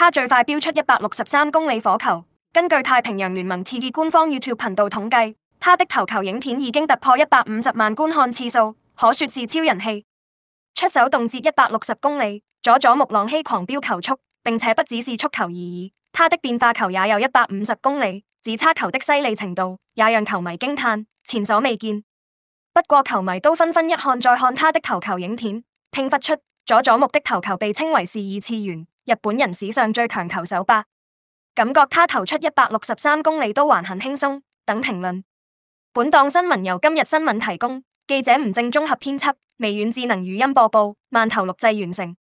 他最快飆出一百六十三公里火球，根據太平洋聯盟 TV 官方 YouTube 頻道統計，他的投球影片已經突破一百五十萬觀看次數，可說是超人氣。出手動輒一百六十公里，佐佐木朗希狂飆球速，並且不只是速球而已，他的變化球也有一百五十公里，只差球的犀利程度，也讓球迷驚嘆前所未見。不過球迷都紛紛一看再看他的投球影片，聽發出佐佐木的投球被稱為是異次元，日本人史上最強球手吧，感覺他投出一百六十三公里都還很輕鬆。等評論，本檔新聞由今日新聞提供，記者吳正綜合編輯，微軟智能語音播報，慢頭錄製完成。